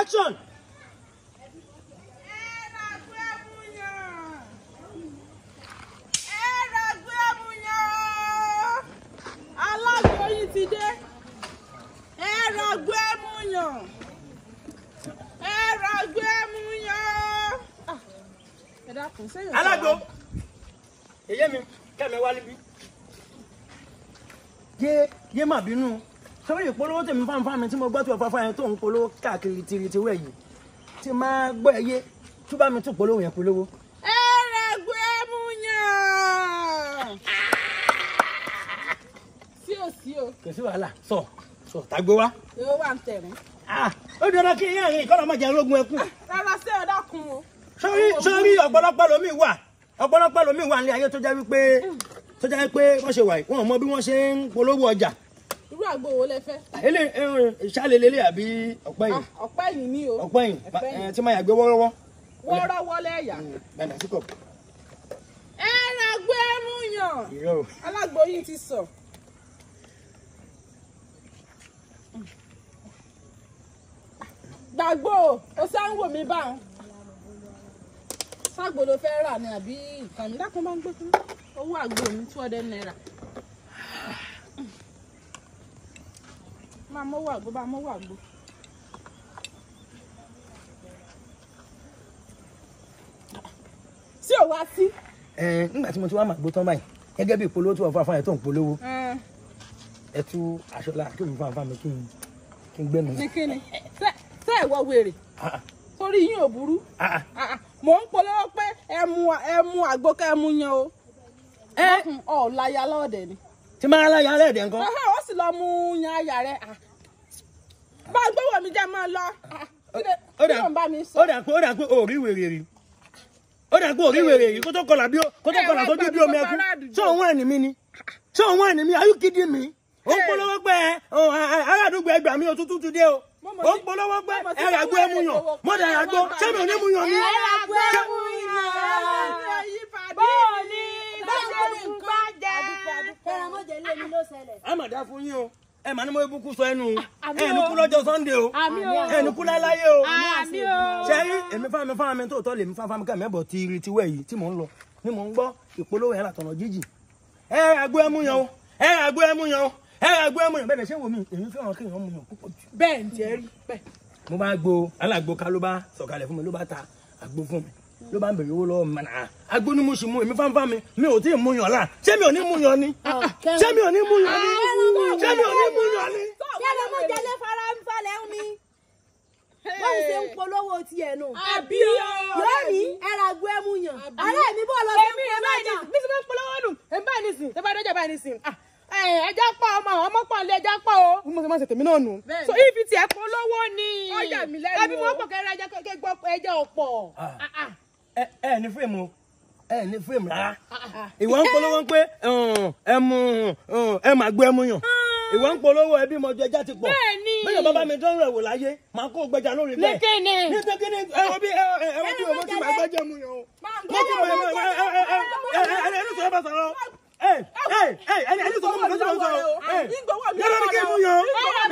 action. alágbóyin ti dé ẹ rọgbọ ẹmu yàn ẹ rọgbọ ẹmu yàn. alágbó èyí mi kẹ́mi wálé bí. yé yé màbínú sórí ìpolówó tèmi fáńfáń mi tí mo gbọ́ tí wọ́n fáńfáń yẹn tó ń polówó káàkiri tiri tiwọ́ ẹ̀yìn tí máa gbọ́ ẹ yé tó bá mi tún polówó yẹn polówó. ẹ rẹ̀ gbé mú yàn. sí o sí o. kò sí wàhálà sọ sọ tàgbé wa. èwo wà ń tẹ̀ mí. ó dúró kí yín àyìn ìkọ́nà ọmọ jẹ́ ológun ẹkún. Ah, rárá sí ọ̀dà kun o. sórí sórí ọ̀pọ̀lọpọ̀ lomi wà ọ̀pọ̀lọpọ̀ lomi wà nílé ayé tó jẹ́ wípé tó jẹ́ wípé wọ́n ṣe wà yìí wọ́n mọ bí wọ́n ṣe ń polówó ọjà irú àgbo wo lẹ fẹ́. ilé ah, eh, eh, ìṣàlẹ̀ lélẹ̀ àbí ọ̀pẹ́ yìí. Ah, ọ̀pẹ́ yìí ni o. ọ̀pẹ́ yìí eh, tí máa yà gbé wọ́rọ́wọ́. wọ́rọ́wọ́ lẹ́yà. Hmm, bẹ́ẹ̀ni síkọ̀. ẹ ra gbé mú yàn. alágbo yìí ti sọ. gbàgbó o sáńwò mi bá wọn. ságbó ló fẹ́ rà ni àbí ìkànnì dákun bá ń gbé fún owó àgbo mi two hundred naira. mọ́wọ́ àgbo bá mọ́wọ́ àgbo. sí ò wá sí. ẹ nígbà tí mo ti wá màgbó tán báyìí gẹ́gẹ́ bí ìpolówó tí wọ́n fáfáyà tó ń polówó ẹ tú aṣọ la kí òun fáfá mi kí n kí n gbẹ́nu. ní kíni ṣé ìwọ wèrè ah, ah. torí yín ò burú ah, mò ń polówó pé ẹ mu ẹ mu àgbo ká ẹ mu yan o ẹ ọ láyà lọ́ọ̀dẹ̀ ni. tí máa láyà lẹ́ẹ̀dẹ̀ nǹkan. ó sì lọ mu yan àyà rẹ bá gbọ́wọ́ mi jẹ́ máa lọ. ó dà pé ó dà pé òórí wèrè rí ó dà pé òórí wèrè rí kó tó omi mi ni tí mi are you kidding me mi otu tún de o o ó ń mi mi a ẹ mà ní mo ebúkú sọ ẹnu ah, ẹ ní kú lọ́jọ́ sunday o ẹ ní kú láláyé o ah, ṣe rí èmi fáwọn mi fáwọn mi tó tọ́ lèmi fáwọn fáwọn kẹ́mi ẹ̀bọ̀ ti rí tiwẹ̀ yìí tí mò ń lọ ni mò ń gbọ́ ìpolówó yẹn látọ̀nà jíjì ẹ àgbo ẹmu yẹn o ẹ àgbo ẹmu yẹn o ẹ àgbo ẹmu yẹn bẹ́ẹ̀ ṣé wò mí èmi fẹ́ràn kéèyàn mu yẹn púpọ̀ jù. bẹ́ẹ̀ ni tiẹ̀ rí bẹ́ẹ̀. mo bá gbo alàgbo ká ló bá sọ̀kalẹ̀ fún mi ló bá ta àgbo fún mi ló bá ń bèrè owó lọ́wọ́ mi náà ah, agbónímùsùn èmi fáńfá mi mi ò tí ì múyàn là ṣé ò ní múyàn ni ah, oh, ṣé ò ní múyàn ni ah, ṣé ò ní múyàn ni. ṣé ló mú jẹlé fara ń falẹ̀ ń mi bóun ṣe ń polówó tiẹ̀ nù. àbí yóò ẹ̀ múyàn ọ̀rẹ́ mi bọ̀ lọ sí ẹ̀ máa jà. bí ní sìn ẹ̀ bá dọ́jà ọmọ ọmọ pọ ilé ẹja pọ o mo ti máa ṣe tèmi náà nù. so ibi tí ẹ polówó ni. ọjà mi lẹ́nu o ẹbí mo pọ̀ kẹrẹ ẹja gbọ́ ẹja ọ̀pọ̀ ẹ ẹ ní fíìmù ẹ ní fíìmù rárá ìwọ ń polówó pé ẹmu ẹmu àgbo ẹmu yàn ìwọ ń polówó ẹbí mọ jẹjá ti pọ̀ bẹ́ẹ̀ bàbá mi tó ń rẹ̀ wò láyé màá kó gbẹjà lórí bẹ́ẹ̀ ní kékeré ẹwọ bí ẹwọ bí ọmọ tí màá gbẹjẹ mu yàn o mo kí mo yẹ ẹ ẹ ẹ ẹni sọ̀rọ̀ bá sọ̀rọ̀ ẹ ẹ ẹni sọ̀rọ̀ bá sọ̀rọ̀ ẹ yọrọ ni kí n mú yàn o.